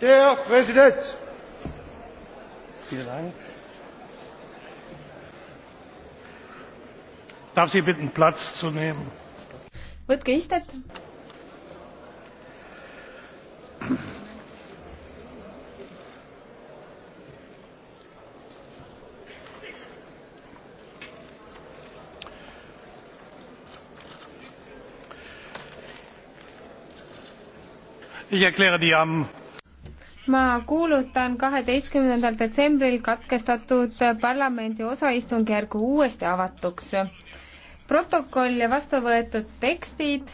Der Präsident! Vielen Dank. Darf Sie bitten, Platz zu nehmen? Võtke istet. Ich erkläre die am ma kuulutan kaheteistkümnendal detsembril katkestatud parlamendi osaistungjärgu uuesti avatuks. protokoll ja vastu võetud tekstid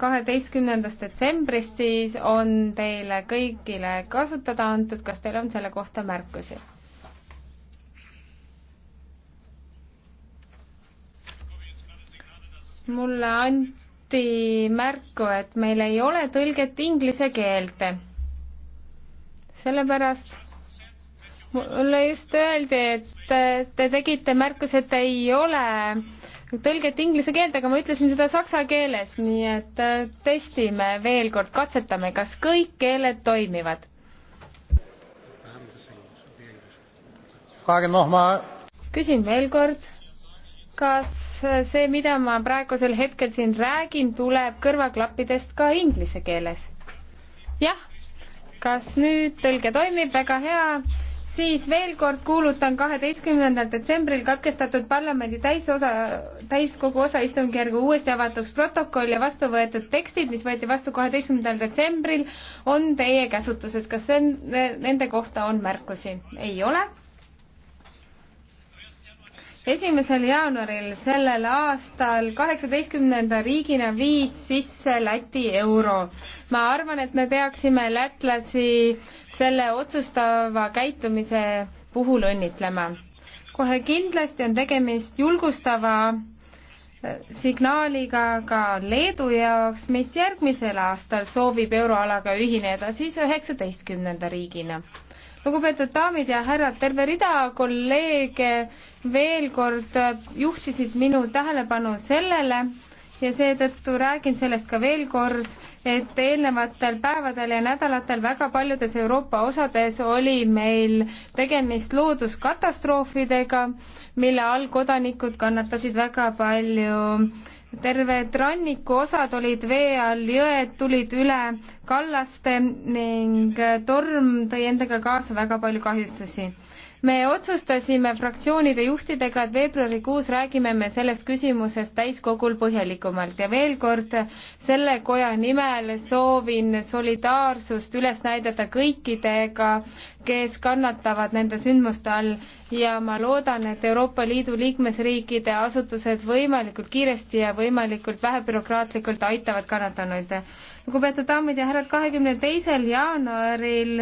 kaheteistkümnendast detsembrist siis on teile kõigile kasutada antud, kas teil on selle kohta märkusi? mulle anti anti märku, et meil ei ole tõlget inglise keelde. sellepärast mulle just öeldi, et te tegite märkuse, et ei ole tõlget inglise keelde, aga ma ütlesin seda saksa keeles, nii et äh, testime veel kord, katsetame, kas kõik keeled toimivad. küsin veel kord, kas Äh, see, mida ma praegusel hetkel siin räägin, tuleb kõrvaklappidest ka inglise keeles. jah, kas nüüd tõlge toimib, väga hea, siis veel kord kuulutan kaheteistkümnendal detsembril katkestatud parlamendi täisosa, täiskogu osaistungjärgu uuesti avatuks protokoll ja vastu võetud tekstid, mis võeti vastu kaheteistkümnendal detsembril, on teie käsutuses. kas see on, nende kohta on märkusi? ei ole esimesel jaanuaril sellel aastal kaheksateistkümnenda riigina viis sisse Läti euro. ma arvan, et me peaksime lätlasi selle otsustava käitumise puhul õnnitlema. kohe kindlasti on tegemist julgustava äh, signaaliga ka Leedu jaoks, mis järgmisel aastal soovib euroalaga ühineda siis üheksateistkümnenda riigina lugupeetud daamid ja härrad, terve rida kolleege veel kord juhtisid minu tähelepanu sellele ja seetõttu räägin sellest ka veel kord, et eelnevatel päevadel ja nädalatel väga paljudes Euroopa osades oli meil tegemist looduskatastroofidega, mille all kodanikud kannatasid väga palju terved rannikuosad olid vee all, jõed tulid üle, kallaste ning torm tõi endaga kaasa väga palju kahjustusi. me otsustasime fraktsioonide juhtidega, et veebruarikuus räägime me sellest küsimusest täiskogul põhjalikumalt ja veel kord selle koja nimel soovin solidaarsust üles näidata kõikidega, kes kannatavad nende sündmuste all ja ma loodan, et Euroopa Liidu liikmesriikide asutused võimalikult kiiresti ja võimalikult vähe bürokraatlikult aitavad kannatanuid. lugupeetud daamid ja härrad, arvan, et kahekümne teisel jaanuaril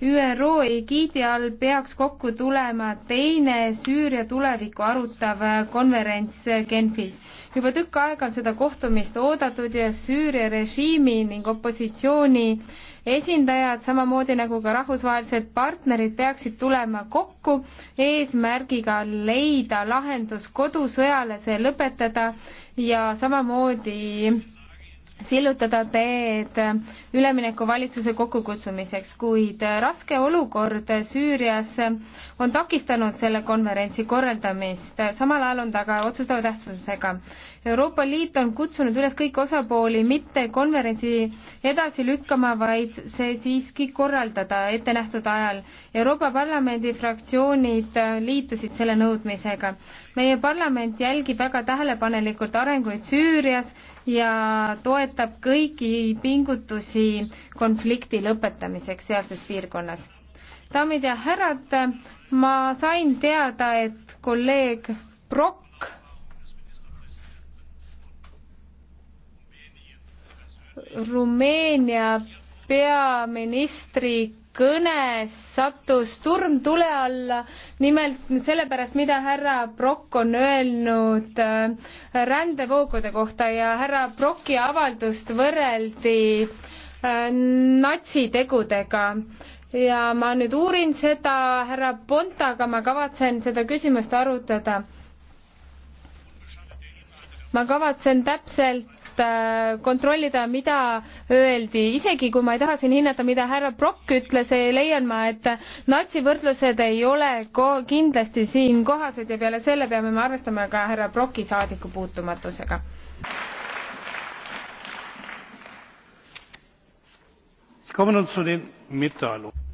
ÜRO egiidi all peaks kokku tulema teine Süüria tulevikku arutav konverents Genfis. juba tükk aega on seda kohtumist oodatud ja Süüria režiimi ning opositsiooni esindajad, samamoodi nagu ka rahvusvahelised partnerid peaksid tulema kokku eesmärgiga leida lahendus kodusõjale, see lõpetada ja samamoodi sillutada teed üleminekuvalitsuse kokkukutsumiseks, kuid raske olukord Süürias on takistanud selle konverentsi korraldamist, samal ajal on ta ka otsustava tähtsusega. Euroopa Liit on kutsunud üles kõiki osapooli mitte konverentsi edasi lükkama, vaid see siiski korraldada ettenähtud ajal. Euroopa Parlamendi fraktsioonid liitusid selle nõudmisega. meie parlament jälgib väga tähelepanelikult arenguid Süürias ja toetab kõiki pingutusi konflikti lõpetamiseks sealses piirkonnas. daamid ja härrad, ma sain teada, et kolleeg Brock Rumeenia peaministri kõnes sattus turm tule alla, nimelt sellepärast, mida härra Brock on öelnud äh, rändevoogude kohta ja härra Brocki avaldust võrreldi äh, natsitegudega ja ma nüüd uurin seda härra Pontaga, ma kavatsen seda küsimust arutada ma kavatsen täpselt Äh, kontrollida, mida öeldi. isegi kui ma ei taha siin hinnata, mida härra Brock ütles, leian ma, et natsivõrdlused ei ole ko-, kindlasti siin kohased ja peale selle peame me arvestama ka härra Brocki saadikupuutumatusega.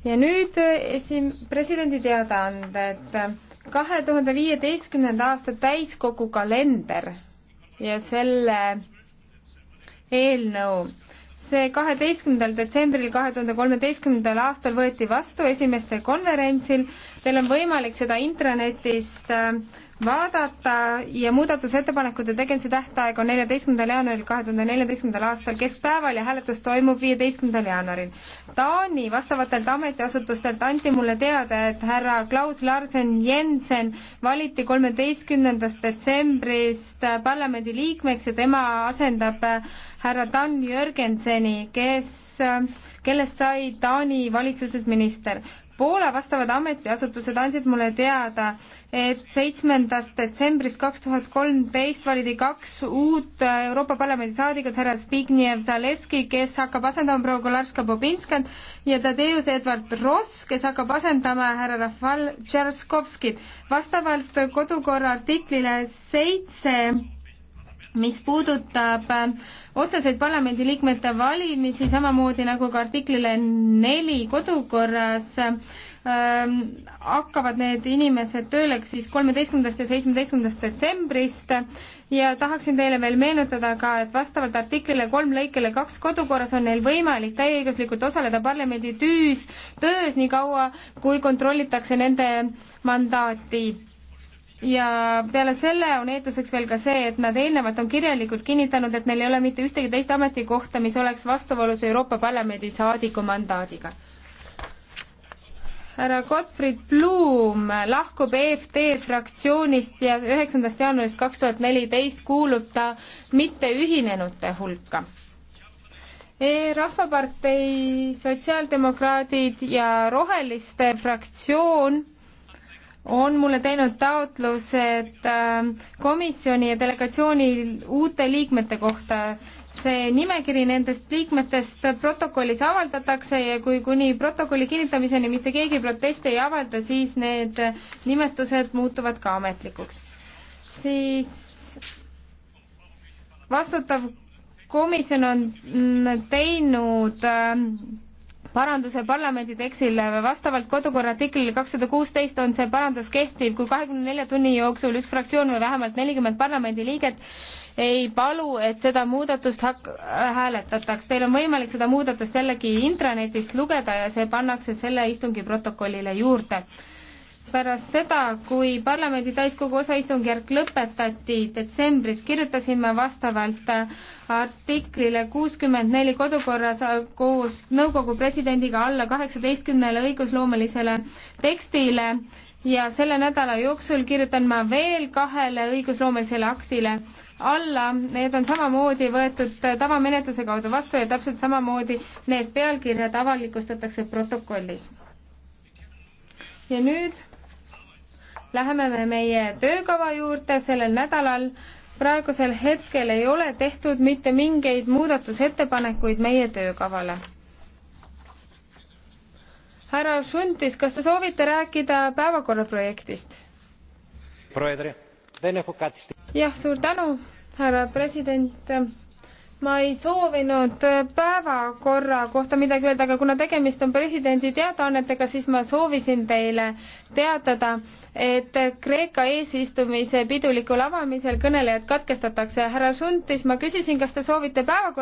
ja nüüd äh, esim-, presidendi teadaanded. kahe tuhande viieteistkümnenda aasta täiskogu kalender ja selle eelnõu. see kaheteistkümnendal detsembril kahe tuhande kolmeteistkümnendal aastal võeti vastu esimestel konverentsil Teil on võimalik seda intranetist äh, vaadata ja muudatusettepanekute tegemise tähtaeg on neljateistkümnendal jaanuaril kahe tuhande neljateistkümnendal aastal keskpäeval ja hääletus toimub viieteistkümnendal jaanuaril. Taani vastavatelt ametiasutustelt anti mulle teada, et härra Klaus Larsen Jensen valiti kolmeteistkümnendast detsembrist äh, parlamendi liikmeks ja tema asendab äh, härra Dan Jürgenseni, kes kellest sai Taani valitsuses minister. Poola vastavad ametiasutused andsid mulle teada, et seitsmendast detsembrist kaks tuhat kolmteist valiti kaks uut Euroopa Parlamendi saadikut, härra Zbigniew Zaleski, kes hakkab asendama proua Kolarska-Bobinskat ja Tadeusz Edward Ross, kes hakkab asendama härra Rafal Tšerskovskit. vastavalt kodukorra artiklile seitse 7 mis puudutab äh, otseseid parlamendiliikmete valimisi, samamoodi nagu ka artiklile neli kodukorras ähm,, hakkavad need inimesed tööle siis kolmeteistkümnendast ja seitsmeteistkümnendast detsembrist ja tahaksin teile veel meenutada ka, et vastavalt artiklile kolm lõikele kaks kodukorras on neil võimalik täieõiguslikult osaleda parlamendi tüüs, töös nii kaua, kui kontrollitakse nende mandaati ja peale selle on eelduseks veel ka see, et nad eelnevalt on kirjalikult kinnitanud, et neil ei ole mitte ühtegi teist ametikohta, mis oleks vastuvoolus Euroopa Parlamendi saadiku mandaadiga. härra Gottfried Blum lahkub EFD fraktsioonist ja üheksandast jaanuarist kaks tuhat neliteist kuulub ta mitteühinenute hulka e. rahvapartei Sotsiaaldemokraadid ja Roheliste fraktsioon on mulle teinud taotlused ähm, komisjoni ja delegatsiooni uute liikmete kohta. see nimekiri nendest liikmetest protokollis avaldatakse ja kui kuni protokolli kinnitamiseni mitte keegi proteste ei avalda, siis need nimetused muutuvad ka ametlikuks. siis vastutav komisjon on mm, teinud ähm, paranduse parlamendi tekstile. vastavalt kodukorra artiklile kakssada kuusteist on see parandus kehtiv, kui kahekümne nelja tunni jooksul üks fraktsioon või vähemalt nelikümmend parlamendiliiget ei palu, et seda muudatust hak-, äh, hääletataks. Teil on võimalik seda muudatust jällegi intranetist lugeda ja see pannakse selle istungi protokollile juurde pärast seda, kui parlamendi täiskogu osaistungjärk lõpetati detsembris, kirjutasime vastavalt äh, artiklile kuuskümmend neli kodukorras äh, koos nõukogu presidendiga alla kaheksateistkümnele õigusloomelisele tekstile ja selle nädala jooksul kirjutan ma veel kahele õigusloomelisele aktile alla, need on samamoodi võetud äh, tavamenetluse kaudu vastu ja täpselt samamoodi need pealkirjad avalikustatakse protokollis. ja nüüd läheme me meie töökava juurde sellel nädalal. praegusel hetkel ei ole tehtud mitte mingeid muudatusettepanekuid meie töökavale. härra Šuntis, kas te soovite rääkida päevakorra projektist? jah, suur tänu, härra president ma ei soovinud äh, päevakorra kohta midagi öelda, aga kuna tegemist on presidendi teadaannetega, siis ma soovisin teile teatada, et Kreeka eesistumise pidulikul avamisel kõnelejad katkestatakse. härra Šuntis, ma küsisin, kas te soovite päevakorra